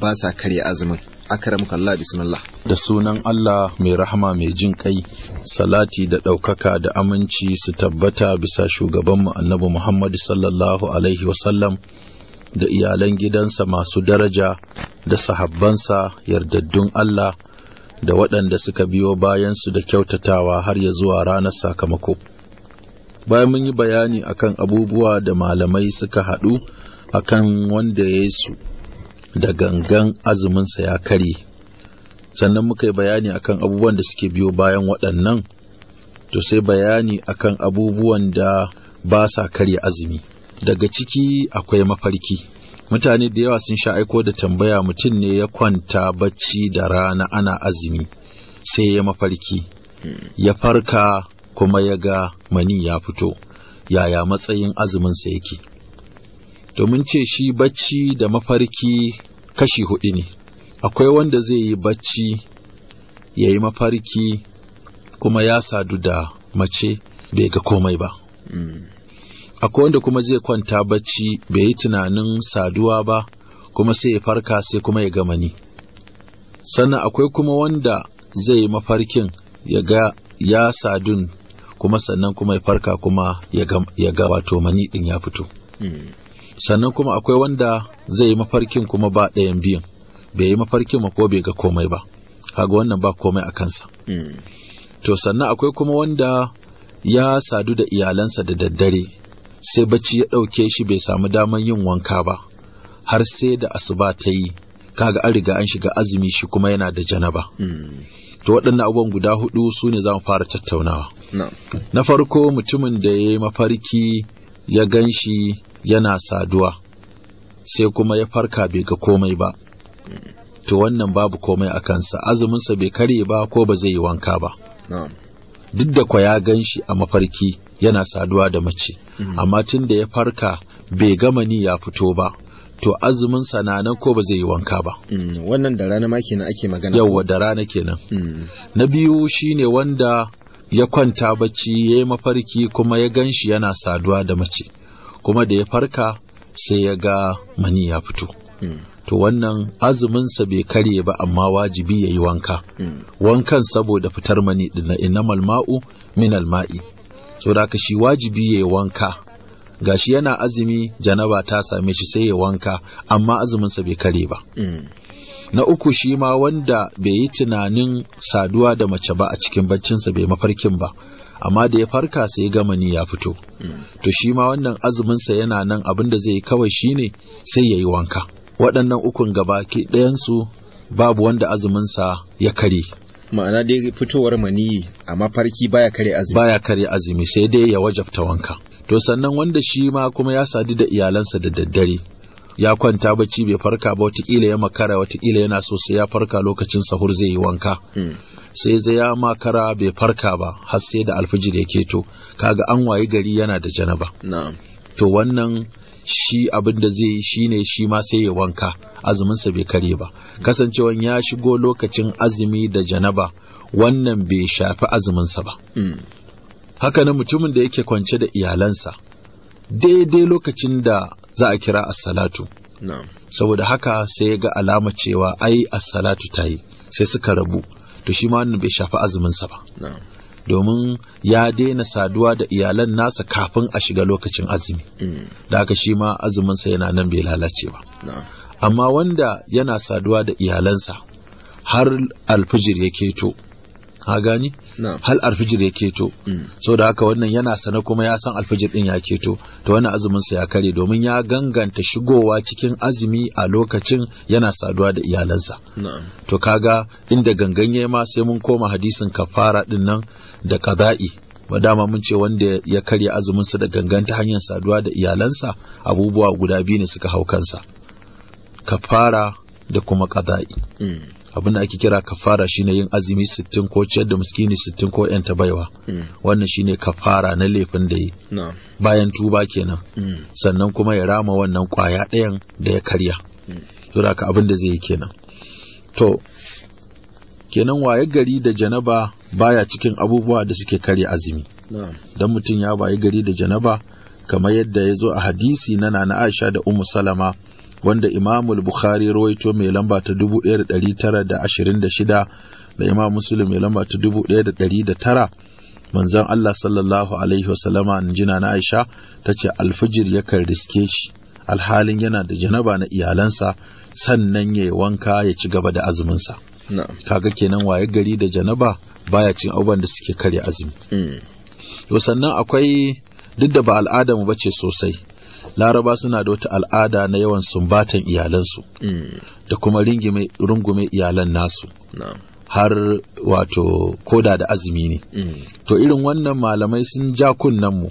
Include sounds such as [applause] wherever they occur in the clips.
ba sa karya azumin akaram kallah bismillah da sunan Allah mai rahama mai jin kai salati da ɗaukaka da aminci su tabbata bisa shugabanmu annabi Muhammad sallallahu alaihi wasallam da iyalan gidansa masu daraja da sahabbansa yardaddun Allah da waɗanda suka biyo bayan su da kyautatawa har ya zuwa ranar sakamako bayan mun yi bayani akan abubuwa da malamai suka haɗu akan wanda ya su da gangan azuminsa ya kare sannan muka yi bayani akan abubuwan da suke biyo bayan waɗannan to sai bayani akan abubuwan da ba sa karya azumi daga ciki akwai mafarki mutane da yawa sun sha aiko da tambaya mutum ne ya kwanta bacci da rana ana azumi sai ya mafarki ya farka kuma ya ga mani ya fito yaya matsayin azuminsa yake To mun ce shi bacci da mafarki kashi hudu ne akwai wanda zai yi bacci ya yi mafarki kuma ya sadu da mace bai ga komai ba mm. akwai wanda kuma zai kwanta bacci bai yi tunanin saduwa ba kuma sai ya farka sai kuma ya gamani sannan akwai kuma wanda zai yi mafarkin ya ga ya sadun kuma sannan kuma ya farka kuma ya ga wato mani din ya fito mm. sannan kuma akwai wanda zai yi mafarkin kuma ba ɗayan biyun bai yi mafarkin ko bai ga komai ba kaga wannan ba komai a kansa hmm. to sannan akwai kuma wanda ya sadu da iyalansa da daddare sai bacci ya ɗauke shi bai samu daman yin wanka ba har sai da asuba ta yi kaga an riga an shiga azumi shi kuma yana da janaba hmm. to waɗannan abubuwan guda hudu su ne za mu fara tattaunawa na farko mutumin da ya yi mafarki ya gan shi yana saduwa sai kuma ya farka bai ga komai ba to wannan babu komai a kansa azuminsa bai karye ba ko ba zai yi wanka ba duk da kwa ya gan shi a mafarki yana saduwa da mace hmm. amma tun da ya farka bai gama ni ya fito ba to azumin sananan ko ba zai yi wanka ba hmm. wannan da rana ma kenan ake magana yawwa da rana kenan hmm. na biyu shine wanda ya kwanta bacci ya yi mafarki kuma ya gan shi yana saduwa da mace kuma da ya farka sai ya ga mani ya fito hmm. to wannan azuminsa bai karye ba amma wajibi ya yi wanka hmm. wankan saboda fitar mani na innamal ma'u min alma'i saboda ka shi wajibi ya yi wanka gashi yana azumi janaba ta same shi sai ya wanka amma azuminsa bai karye ba hmm. na uku shi ma wanda bai yi tunanin saduwa da mace ba a cikin baccinsa bai mafarkin ba amma da ya farka sai ya gama ni ya fito to shi ma wannan azuminsa yana nan abin da zai yi kawai shine sai ya yi wanka waɗannan ukun gaba ɗayansu babu wanda azuminsa ya kare ma'ana dai fitowar maniyi a mafarki baya kare azumi baya kare azumi sai dai ya wajabta wanka to sannan wanda shi ma kuma ya sadu da iyalansa da daddare ya kwanta bacci bai farka ba watakila ya makara watakila yana so sai ya farka lokacin sahur zai yi wanka hmm. sai zai ya makara bai farka ba har sai da alfijir ya keto kaga an wayi gari yana da janaba to wannan shi abin da zai yi ne shi ma sai ya wanka azuminsa bai kare ba kasancewan ya shigo lokacin azumi da janaba wannan bai shafi azuminsa ba hmm. haka na mutumin da yake kwance da iyalansa daidai lokacin da za a kira assalatu saboda haka sai ya ga alama cewa ai assalatu ta yi sai suka rabu to shi ma wannan bai shafi azuminsa ba domin ya daina saduwa da iyalan nasa kafin a shiga lokacin azumi mm. da haka shi ma azumin yana nan bai lalace ba amma wanda yana saduwa da iyalansa har alfijir ya keto ha gani hal alfijir ya keto mm. da haka wannan yana sana kuma ya san alfijir din ya keto to wannan azumin sa ya kare domin ya ganganta shigowa cikin azumi a lokacin yana saduwa da iyalansa to kaga inda gangan ganganye ma sai mun koma hadisin kafara din nan da kaza'i dama mun ce wanda ya karya azuminsa da gangan ta hanyar saduwa da iyalansa abubuwa guda biyu ne suka hau kansa kafara da kuma kaza'i mm. abin da ake kira kafara shine yin azumi sittin ko ciyar da miskini sittin ko yanta baiwa hmm. wannan shine kafara na laifin da yi bayan tuba kenan hmm. sannan kuma ya rama wannan kwaya ɗayan da ya karya hmm. to da abin da zai yi kenan to kenan waye gari da janaba baya cikin abubuwa da suke karya azumi dan mutum ya waye gari da janaba kamar yadda ya zo a hadisi na nana Aisha da Ummu Salama wanda imamul bukhari rawaito mai lamba ta 1926 da imam muslim mai lamba ta 1909 manzon Allah sallallahu alaihi wasallama an jina na Aisha ta ce alfijir yakan riske shi alhalin yana da janaba na iyalansa sannan ya yi wanka ya ci gaba da azuminsa kaga kenan waye gari da janaba baya cin abubuwan da suke karya azumi mm. to sannan akwai duk da ba al'ada mu bace sosai laraba suna da wata al'ada na yawan sumbatan iyalansu mm. da kuma rungume iyalan nasu har wato koda da azumi ne mm. to irin wannan malamai sun ja kunnenmu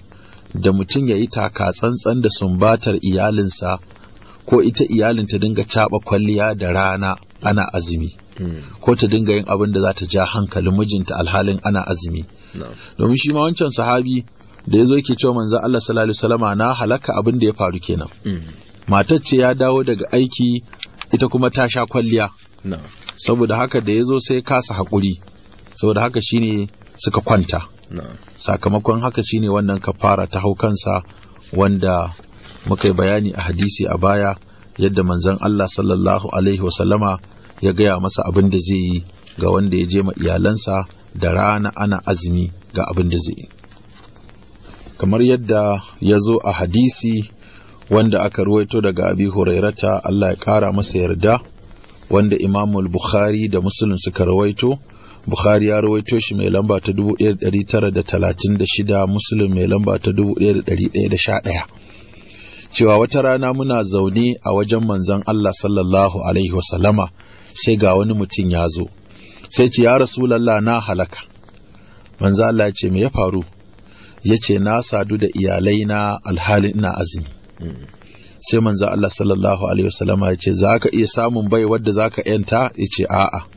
da mutum ya yi taka tsantsan da sumbatar iyalinsa ko ita iyalin ta dinga caɓa kwalliya da rana ana azumi mm. ko ta dinga yin abin da za ta ja hankalin mijinta alhalin ana azumi domin shi ma wancan sahabi da ya zo yake cewa manzo Allah sallallahu alaihi wasallama na halaka abin da ya faru kenan mm. matar ce ya dawo daga aiki ita kuma ta sha kwalliya saboda haka da ya zo sai kasa hakuri saboda haka shine suka kwanta sakamakon haka shine wannan kafara ta hau kansa wanda muka yi bayani a hadisi a baya yadda manzon Allah sallallahu alaihi wasallama ya gaya masa abin da zai yi ga wanda ya je ma iyalansa da rana ana azumi ga abin da zai yi kamar yadda ya zo a hadisi wanda aka ruwaito daga abi hurairata Allah ya kara masa yarda wanda imamul bukhari da muslim suka ruwaito bukhari ya ruwaito shi mai lamba ta 1936 muslim mai lamba ta 1111 cewa wata rana muna zaune a wajen manzon Allah sallallahu alaihi wasallama sai ga wani mutum ya zo sai ce ya rasulallah na halaka manzo Allah ya ce me ya faru ya ce na sadu da iyalai na alhalin ina azumi sai manzo Allah sallallahu alaihi wasallama ya ce za ka iya samun bai wadda za ka yanta ya ce a'a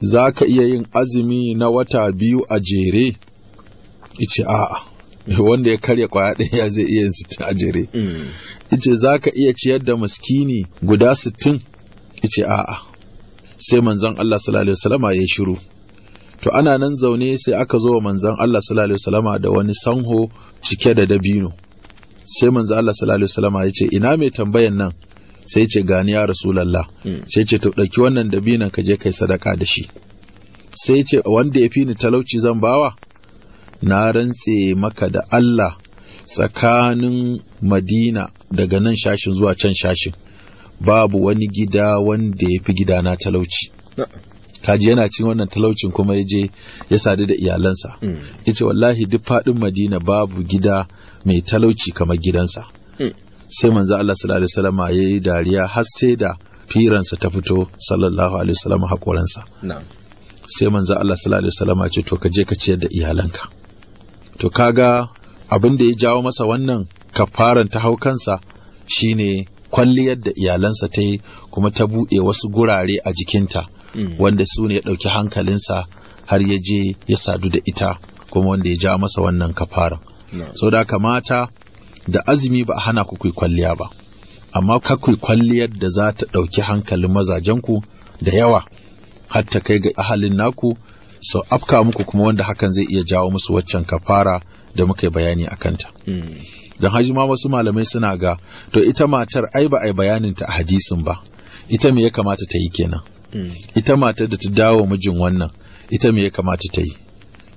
za ka iya yin azumi na wata biyu a jere ya ce a'a [laughs] wanda ya karya kwaya ɗaya zai iya yin sittin a jere ya ce za ka iya ciyar da maskini guda sittin ya ce a'a sai manzon Allah sallallahu alaihi wasallama ya shiru to ana nan zaune sai aka zo wa manzon Allah sallallahu alaihi wasallama da wani sanho cike da dabino sai manzon Allah sallallahu alaihi wasallama ya ce ina mai tambayan nan sai ce gani ya rasulullah hmm. sai ce to dauki wannan dabinon ka je kai sadaka da shi sai ce wanda ya fi ni talauci zan bawa na rantse maka da Allah tsakanin Madina daga nan shashin zuwa can shashin babu wani gida wanda ya fi gidana talauci kaji yana cin wannan talaucin kuma ya je ya sadu da iyalansa mm. ya ce wallahi duk faɗin madina babu gida mai talauci kamar gidansa mm. sai manzo Allah sallallahu alaihi wasallam ya yi dariya har sai da firansa ta fito sallallahu alaihi wasallam hakoransa sai manzo Allah sallallahu alaihi wasallam ce to ka je ka ciyar da iyalanka to kaga abin da ya jawo masa wannan kafaran ta haukansa shine kwalliyar da iyalansa ta yi kuma ta buɗe wasu gurare a jikinta Mm. wanda su ne ya ɗauki hankalinsa har ya je ya sadu da ita kuma wanda ya ja masa wannan kafaran sau da kamata da azumi ba a hana ku kwalliya ba amma ka kwalliyar da za ta ɗauki hankalin mazajenku da yawa har ta kai ga ahalin naku sau afka muku kuma wanda hakan zai iya jawo musu waccan kafara da muka yi bayani a kanta. Mm. Don haji ma wasu malamai suna ga to ita matar ai ba ai bayanin ta a hadisin ba ita me ya kamata ta yi kenan. ita matar da ta dawo mijin wannan ita me ya kamata ta yi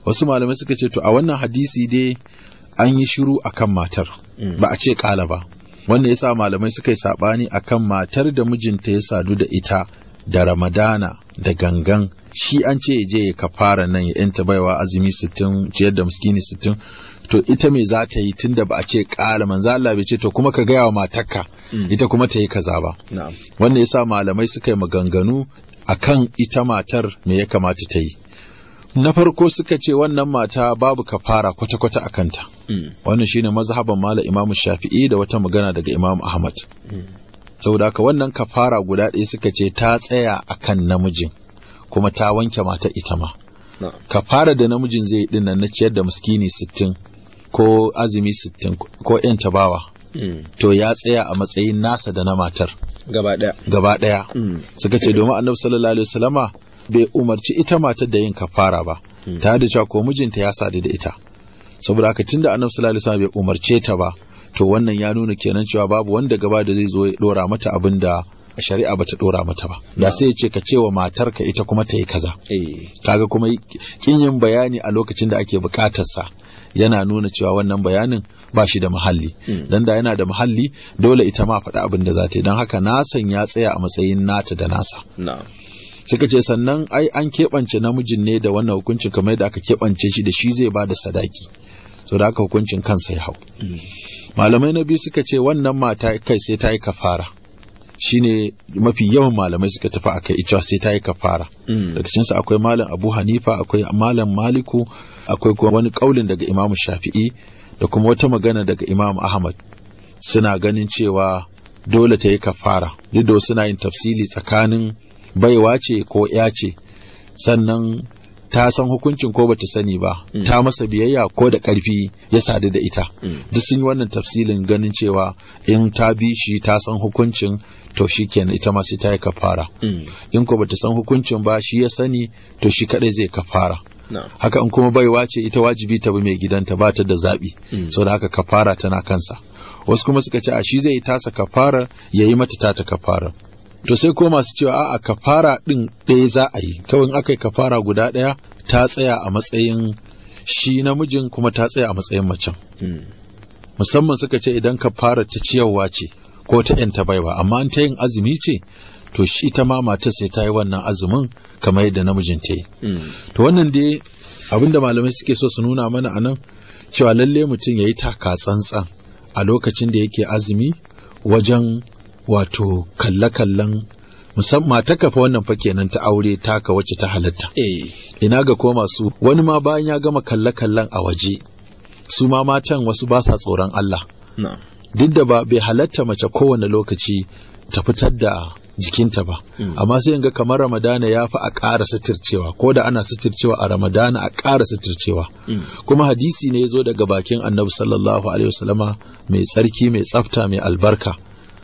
wasu malamai suka ce to a wannan hadisi dai an yi shiru akan matar mm. ba a ce kala ba wannan yasa malamai suka yi sabani akan matar da mijinta ya sadu da ita da ramadana da gangan shi an ce je ya kafara nan ya yanta baiwa azumi sittin ciyar da miskini sittin to ita me za ta yi tunda ba a ce ƙala manzo Allah bai ce to kuma ka gaya wa matarka mm. ita kuma ta yi kaza ba wannan yasa malamai suka yi maganganu akan ita matar me ya kamata ta yi na farko suka ce wannan mata babu kafara kwata-kwata a kanta mm. wannan shine mazhaban malam Imam Shafi'i da wata magana daga Imam Ahmad mm. saboda haka wannan kafara guda ɗaya suka ce ta tsaya akan namijin kuma ta wanke mata ita ma kafara da namijin zai yi dinnan na ciyar da miskini sittin ko azumi sittin ko yan tabawa hmm. to ya tsaya a matsayin nasa da na matar gaba daya hmm. suka ce domin annabi sallallahu alaihi wasallama bai umarci ita matar da yin kafara ba hmm. ta da cewa ko mijinta ya sadu da ita saboda haka tunda annabi sallallahu alaihi wasallama bai umarce ta ba to wannan ya nuna kenan cewa babu wanda gaba da zai zo ya dora mata abin da shari'a bata dora mata ba da sai ya ce ka matar ka ita kuma ta yi kaza eh. kaga kuma kin yin bayani a lokacin da ake bukatar sa yana nuna cewa wannan bayanin ba shi da muhalli hmm. dan da yana da muhalli dole ita ma faɗa abin da za ta yi don haka nasan ya tsaya a matsayin nata da nasa suka ce sannan ai an keɓance namijin ne da wannan hukuncin kamar yadda aka keɓance shi da shi zai ba da sadaki so da aka hukuncin kansa ya hau hmm. malamai na biyu suka ce wannan mata kai sai ta yi kafara shine mafi yawan malamai suka tafi kai ita sai ta yi kafara mm. daga cikin akwai malam Abu Hanifa akwai malam Maliku akwai kuma wani kaulin daga Imam Shafi'i da kuma wata magana daga Imam Ahmad suna ganin cewa dole ta yi kafara duk da suna yin tafsili tsakanin baiwa ce ko ya ce sannan ta san hukuncin ko bata sani ba mm. ta masa biyayya ko da karfi ya sadu da ita mm. duk sun yi wannan tafsilin ganin cewa in ta bi shi ta san hukuncin to shi kenan ita ma sai ta yi kafara mm. in ko bata san hukuncin ba shi ya sani to shi kadai zai kafara haka in kuma baiwa ce ita wajibi ta bi mai gidanta ba ta da zaɓi mm. saboda haka kafara tana kansa wasu kuma suka ce a shi zai tasa kafara ya yi mata ta kafara to sai ko masu cewa a'a kafara ɗin ɗaya za a yi kawai aka yi kafara guda ɗaya ta tsaya a matsayin shi namijin kuma ta tsaya a matsayin macen hmm. musamman suka ce idan kafara ta ciyarwa ce ko ta yanta baiwa amma an ta yin azumi ce to shi ta ma mata sai ta yi wannan azumin kamar yadda namijin ta yi hmm. to wannan dai abinda malamai suke so su nuna mana a nan cewa lalle mutum ya yi taka tsantsan a lokacin da yake azumi wajen wato kalle-kallen musamman ta kafa wannan fa kenan ta aure taka wacce ta halatta eh. ina ga ko masu wani ma bayan ya gama kalle-kallen a waje su ma matan wasu ba sa tsoron Allah duk da ba bai halatta mace kowane lokaci ta fitar da jikinta ba hmm. amma sai ga kamar ramadana ya fi a ƙara suturcewa ko da ana suturcewa a ramadana a ƙara suturcewa hmm. kuma hadisi ne ya zo daga bakin annabi sallallahu alaihi wasallama mai tsarki mai tsafta mai albarka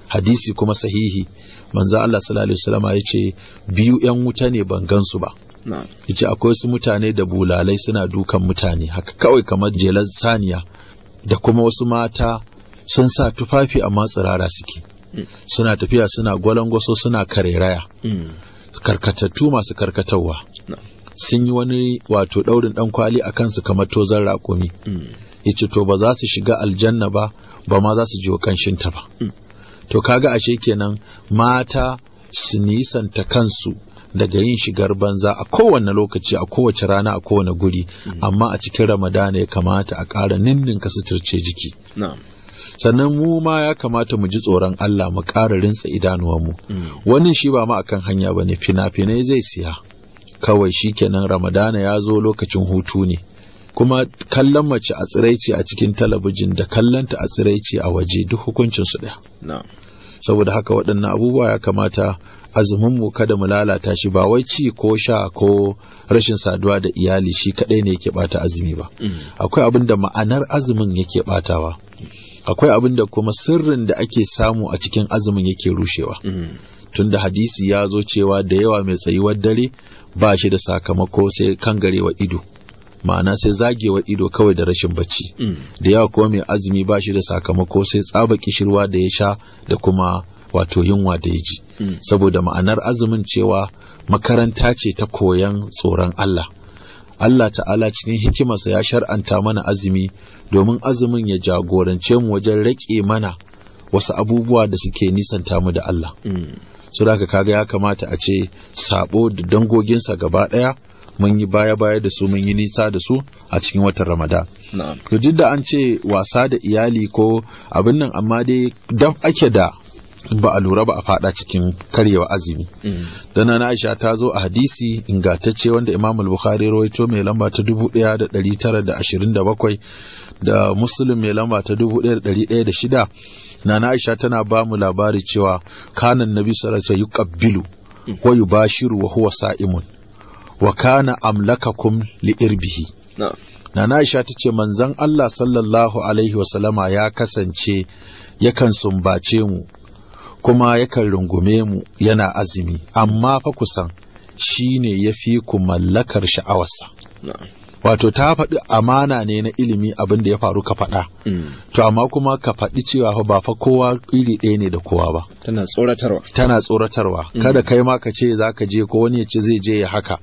hadisi kuma sahihi manzo Allah sallallahu alaihi wasallam ya ce biyu yan wuta ne ban gansu ba yace akwai wasu mutane da bulalai suna dukan mutane haka kawai kamar jelar saniya da kuma wasu mata sun sa tufafi amma tsirara suke mm. suna tafiya suna gwalangwaso suna kareraya mm. karkatattu masu karkatarwa sun yi wani wato daurin dan kwali a kansu kamar tozan raƙumi mm. yace to ba za su shiga aljanna ba ba ma za su ji kanshin ta ba to kaga ashe kenan mata su nisanta kansu daga yin shigar banza a kowane lokaci a kowace rana a kowane guri mm. amma a cikin ramadana ya kamata a ƙara ninninka suturce jiki sannan mu ma ya kamata mu ji tsoron Allah mu ƙara rintsa idanuwanmu mm. wannan shi ba ma akan hanya ba ne fina-finai zai siya kawai shi kenan ramadana ya zo lokacin hutu ne kuma kallon mace a tsiraici a cikin talabijin da kallonta a tsiraici a waje duk hukuncin su ɗaya saboda haka waɗannan abubuwa ya kamata azuminmu kada mu lalata shi ba wai ci ko sha ko rashin saduwa da iyali shi kaɗai ne yake ɓata azumi ba mm. akwai abin da ma'anar azumin yake ɓatawa akwai abin da kuma sirrin da ake samu a cikin azumin yake rushewa mm. tunda hadisi ya zo cewa da yawa mai tsayuwar dare ba shi da sakamako sai kan garewa ido ma'ana sai zagewa ido kawai da rashin bacci mm. da yawa kuma mai azumi ba shi da sakamako sai tsaba kishirwa da ya sha da kuma wato yunwa da ya ji mm. saboda ma'anar azumin cewa makaranta ce ta koyan tsoron Allah Allah ta'ala cikin hikimarsa ya shar'anta mana azumi domin azumin ya jagorance mu wajen rike mana wasu abubuwa da suke nisanta mu da Allah. Mm. So kaga ya kamata a ce sabo da dangoginsa gaba ɗaya mun yi baya-baya da su mun yi nisa da su a cikin watan ramadan to duk da an ce wasa da iyali ko abin nan amma dai daf ake da ba a lura ba a fada cikin karyewa azumi mm. dana na aisha ta zo a hadisi ingantacce wanda imam al-bukhari rawaito mai lamba ta 1927 da muslim mai lamba ta 1106 na na aisha tana ba mu labari cewa kanan nabi sallallahu yi wasallam yukabbilu mm. wa bashiru wa huwa sa'imun wa kana amlakakum li irbihi Nana Aisha ta ce manzon Allah sallallahu alaihi wasallama ya kasance yakan sumbace mu kuma yakan rungume mu yana azumi amma fa kusan shi ne ya fi ku mallakar sha'awarsa. wato ta faɗi amana ne na ilimi abin da ya faru ka faɗa mm. to amma kuma ka faɗi cewa ba fa kowa iri ɗaya ne da kowa ba tana tsoratarwa tana tsoratarwa mm. kada kai ma ka ce za ka je ko wani ya ce zai je ya haka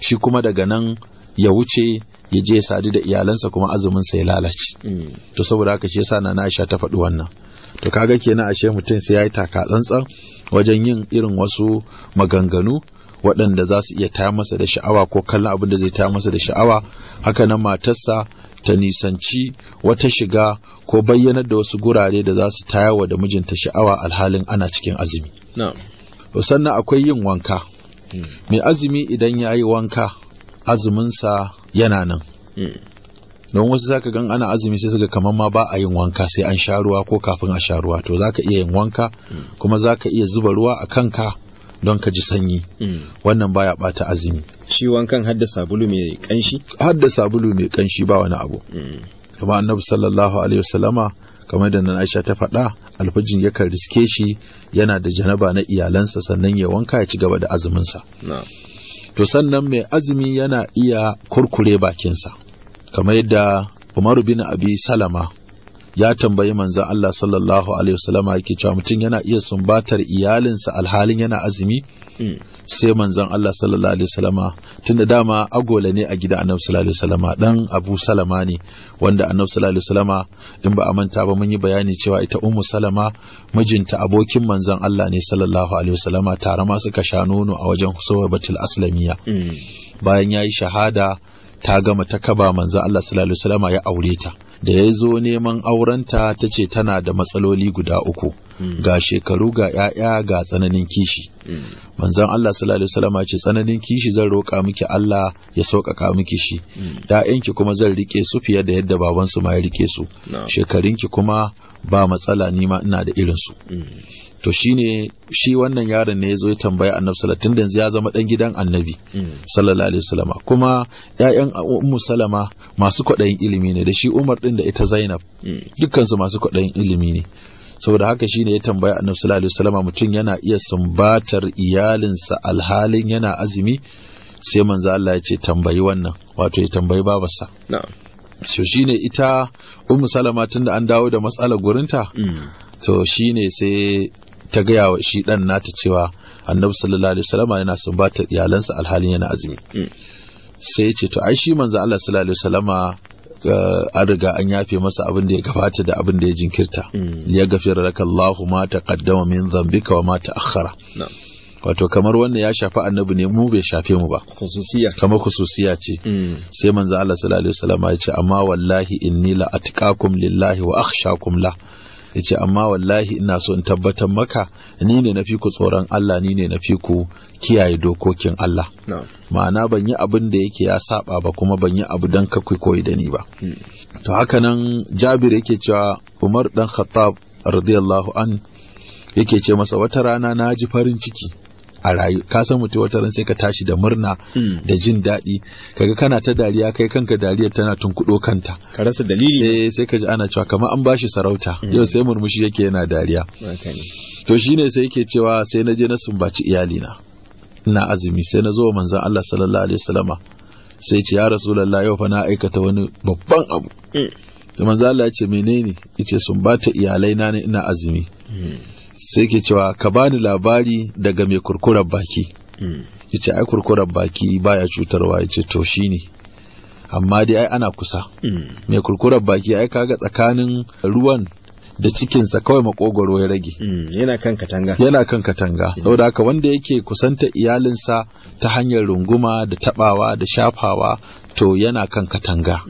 shi kuma daga nan ya wuce ya je sadu da iyalansa kuma azumin sa ya lalace mm. to saboda haka shi yasa na Aisha ta faɗi wannan to kaga kenan ashe mutum sai ya yi taka tsantsan wajen yin irin wasu maganganu waɗanda za su iya taya masa da sha'awa ko kallon abin da zai taya masa da sha'awa haka nan matarsa ta nisanci wata shiga ko bayyanar da wasu gurare da za su taya wa da mijinta sha'awa alhalin ana cikin azumi sannan akwai yin wanka hmm. mai azumi idan ya yi wanka azuminsa yana nan hmm. don wasu zaka gan ana azumi sai suka kamar ma ba a yin wanka sai an sha ruwa ko kafin a sha ruwa to zaka iya yin wanka hmm. kuma zaka iya zuba ruwa a kanka don ka ji sanyi hmm. wannan baya bata azumi shi wankan hadda sabulu mai kanshi hadda sabulu mai kanshi ba wani abu hmm. kuma annabi sallallahu alaihi wasallama kamar da nan Aisha ta faɗa alfajin yakan riske shi yana da janaba na iyalansa sannan ya wanka ya ci gaba da azuminsa to sannan mai azumi yana iya kurkure bakinsa kamar yadda Umar bin Abi Salama ya tambayi manzan Allah sallallahu alaihi wasallama yake cewa mutum yana iya sumbatar iyalinsa alhalin yana azumi hmm. sai manzon Allah sallallahu alaihi wasallama tunda dama agola ne a gida Annabi sallallahu alaihi wasallama dan Abu Salama ne wanda Annabi sallallahu alaihi wasallama in ba a manta ba mun yi bayani cewa ita Ummu Salama mijinta abokin manzon Allah ne sallallahu alaihi wasallama tare ma suka sha nono a wajen Suwaibatul Aslamiya hmm. bayan yi shahada ta gama ta kaba manzo Allah sallallahu alaihi wasallam ya aure ta da ya zo neman aurenta ta ce tana da matsaloli guda uku hmm. ga shekaru ga ‘ya'ya ga tsananin kishi hmm. manzo Allah sallallahu alaihi ce tsananin kishi zan roƙa miki Allah ya sauƙaƙa miki shi hmm. ‘ya'yanki kuma zan rike su fiye da yadda babansu ma ya rike su shekarunki kuma ba matsala nima ina da irin su. to shine shi wannan yaron ne ya zo ya tambaya annabi sallallahu tun yanzu ya zama dan gidan annabi sallallahu alaihi wasallam mm. kuma 'ya'yan ummu salama masu kwaɗayin ilimi ne da shi umar din da ita zainab mm. dukkan su masu kwaɗayin ilimi ne saboda haka shine ya tambaya annabi sallallahu alaihi wasallam mutum yana iya sumbatar iyalinsa alhalin yana azumi sai manzo Allah ya ce tambayi wannan wato ya tambayi babarsa so shine ita ummu salama tunda an dawo da matsalar gurinta mm. to shine sai ta gaya wa shi dan nata cewa annabi sallallahu alaihi wasallam yana sumbata iyalansa alhalin yana azumi mm. sai ce to ai shi manzo Allah sallallahu alaihi wasallam eh, an riga an yafe masa abin da ya gabata da abin da ya jinkirta mm. ya gafira laka Allahu ma taqaddama min dhanbika wa ma ta'akhkhara wato kamar wannan ya shafi annabi ne mu bai shafe mu ba khususiya kamar khususiya ce mm. sai manzo Allah sallallahu alaihi wasallam ya ce amma wallahi inni la atqakum lillahi wa akhshakum la ya ce amma wallahi ina so in tabbatar maka ni ne na fi ku tsoron Allah ni ne na fi ku kiyaye dokokin Allah ma'ana ban yi abin da yake ya saba ba kuma ban yi abu don ka koyi da ni ba hmm. to haka nan jabir yake cewa umar dan khattab radiyallahu an yake ce masa wata rana na ji farin ciki a rayu ka san mutum wata ran sai ka tashi da murna hmm. da jin daɗi kaga kana ta dariya kai kanka dariyar tana tunkudo kanta ka rasa dalili eh sai ka ji ana cewa kamar an bashi sarauta hmm. yau sai murmushi yake yana dariya to shine sai yake cewa sai na je na sumbaci iyalina ina azumi sai na zo manzon Allah sallallahu alaihi wasallama sai ce ya rasulullah yau fa na aikata wani babban abu hmm. to manzon Allah ya ce menene yace sumbata iyalai ne ina azumi sai ke cewa ka bani labari daga mai kurkurar baki hmm. yace ai kurkurar baki baya cutarwa yace to shine amma dai ai ana kusa hmm. mai kurkurar baki ai kaga tsakanin ruwan da cikinsa kawai makogoro ya rage hmm. yana kan katanga yana kan katanga saboda haka wanda yake kusanta iyalin sa ta hanyar runguma da tabawa da shafawa to yana kan katanga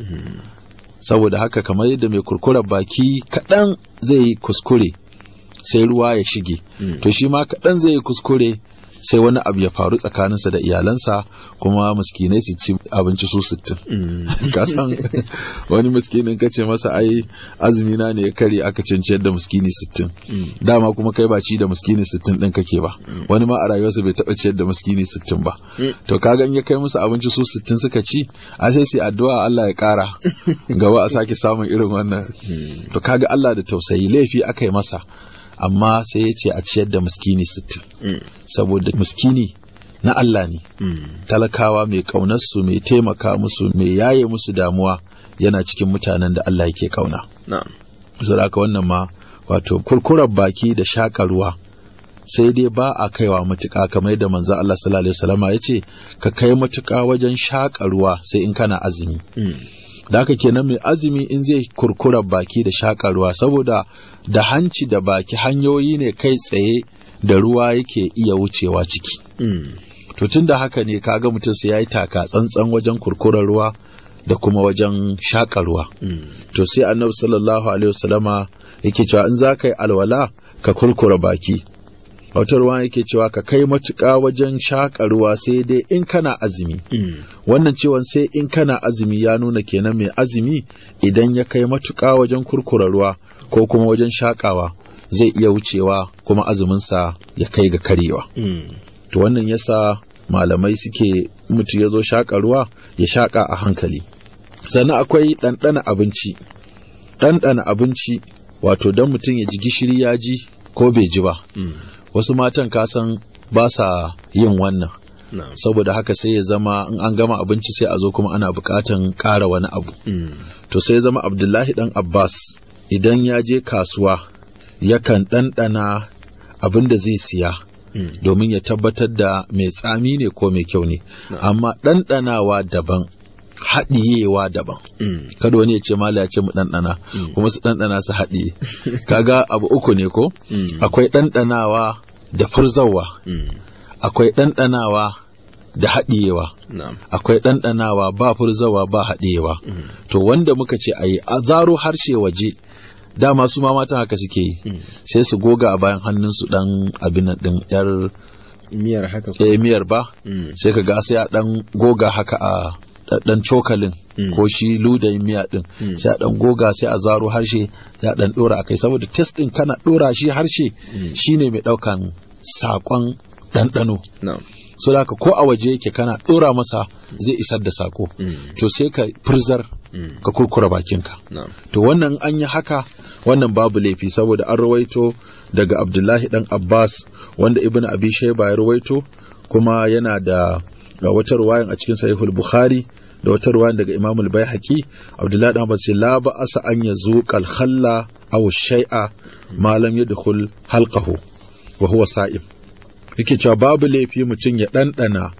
saboda haka kamar yadda mai kurkurar baki kaɗan zai yi kuskure sai ruwa ya shige hmm. to shi ma kaɗan zai kuskure sai wani abu ya faru tsakaninsa da iyalansa kuma miskinai su ci abinci su sittin hmm. [laughs] ka san wani miskinin ka ce masa ai azumi na ne ya kare aka canciyar da miskini sittin hmm. dama kuma kai ba ci da miskini sittin din kake ba wani ma a rayuwarsa bai taɓa ciyar da miskini sittin ba to ka in ya kai musu abinci su sittin suka ci a sai sai addu'a Allah ya kara [laughs] gaba a sake samun irin wannan to kaga Allah da tausayi laifi aka masa amma sai ya ce a ciyar da muskini sittin mm. saboda muskini na Allah ne mm. talakawa mai ƙaunarsu mai taimaka musu mai yaye musu damuwa yana cikin mutanen da Allah yake ƙauna saboda wannan ma wato kurkurar baki da shaƙa ruwa sai dai ba a kaiwa matuƙa kamar yadda manzo Allah sallallahu alaihi wasallama ya ce ka kai matuka wajen shaƙa ruwa sai in kana azumi mm. da haka kenan mai azumi in zai kurkura baki da shaƙa ruwa saboda da hanci da baki hanyoyi ne kai tsaye da ruwa yake iya wucewa ciki hmm. to tun da haka ne kaga mutum sai ya yi taka tsantsan wajen kurkura ruwa da kuma wajen shaƙa ruwa hmm. to sai annabi sallallahu alaihi wasallama yake cewa in za ka yi alwala ka kurkura baki bautarwa ruwa yake cewa ka kai matuƙa wajen shaƙa ruwa sai dai in kana azumi hmm. wannan ciwon sai in kana azumi ya nuna kenan mai azumi idan ya kai matuƙa wajen kurkura ruwa ko kuma wajen shaƙawa zai iya wucewa kuma azuminsa ya kai ga karewa hmm. to wannan yasa malamai suke mutu ya zo shaƙa ruwa ya shaƙa a hankali sannan akwai ɗanɗana abinci ɗanɗana abinci wato don mutum ya ji gishiri ya ji ko bai ji ba hmm. wasu matan kasan ba sa yin wannan saboda haka sai ya zama in an gama abinci sai a zo kuma ana bukatan kara wani abu mm. to sai ya zama abdullahi dan abbas idan ya je kasuwa yakan ɗanɗana abin da zai siya mm. domin ya tabbatar da mai tsami ne ko mai kyau ne amma ɗanɗanawa daban haɗiyewa daban mm. kada wani ya ce mala ya ce mu ɗanɗana kuma su ɗanɗana su haɗiye kaga abu uku ne ko akwai ɗanɗanawa da furzawa mm. akwai ɗanɗanawa da haɗiyewa akwai ɗanɗanawa ba furzawa ba haɗiyewa mm. to wanda muka ce a yi a zaro harshe waje dama su ma matan haka suke yi mm. sai su goga a bayan hannunsu ɗan abin ɗin yar miyar haka eh, ba sai ka ga sai ɗan goga haka a dan cokalin mm. ko shi ludayin miya ɗin. Mm. sai a dan goga sai a zaro harshe sai a dan dora akai saboda test ɗin kana dora shi harshe mm. shine mai ɗaukan sakon ɗanɗano so da ko a waje yake kana ɗora masa zai isar da sako to sai ka firzar ka kurkura bakinka to wannan an yi haka wannan babu laifi saboda an rawaito daga abdullahi ɗan abbas wanda ibn abi shaiba ya rawaito kuma yana da ga wata ruwayan a cikin sahihul bukhari da wata ruwayan daga imam al-baihaqi abdullahi dan basi la ba asa an yazuqa kal khalla aw shay'a ma lam yadkhul halqahu wa huwa sa'im yake cewa babu laifi mutum ya dandana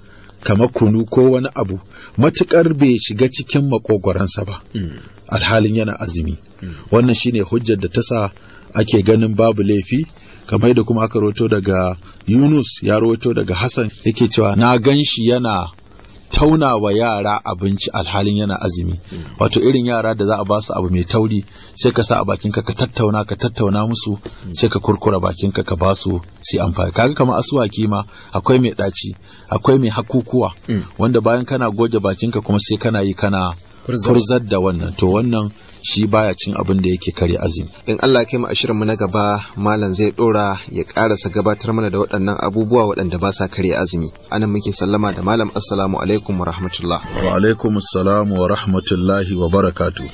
kamar kunu ko wani abu matukar bai shiga cikin makogwaransa ba mm. alhalin yana azumi mm. wannan shine hujjar da ta sa ake ganin babu laifi kamar da kuma aka rawaito daga Yunus ya rawaito daga Hassan yake cewa na gan shi yana tauna wa yara abinci alhalin yana azumi mm. wato irin yara da za a ba su abu mai tauri sai ka sa a bakinka ka tattauna ka tattauna musu mm. sai ka kurkura bakinka ka ba su amfani kaga kamar asuwaki ma akwai mai ɗaci akwai mai hakukuwa mm. wanda bayan kana goge bakinka kuma sai kana yi kana furzar da wannan to wannan shi baya cin abin da yake kare azumi in Allah ya kai mu ashirin mu na gaba malam zai dora ya karasa gabatar mana da waɗannan abubuwa waɗanda ba sa kare azumi anan muke sallama da malam assalamu alaikum wa rahmatullah wa alaikum wa rahmatullahi wa barakatuh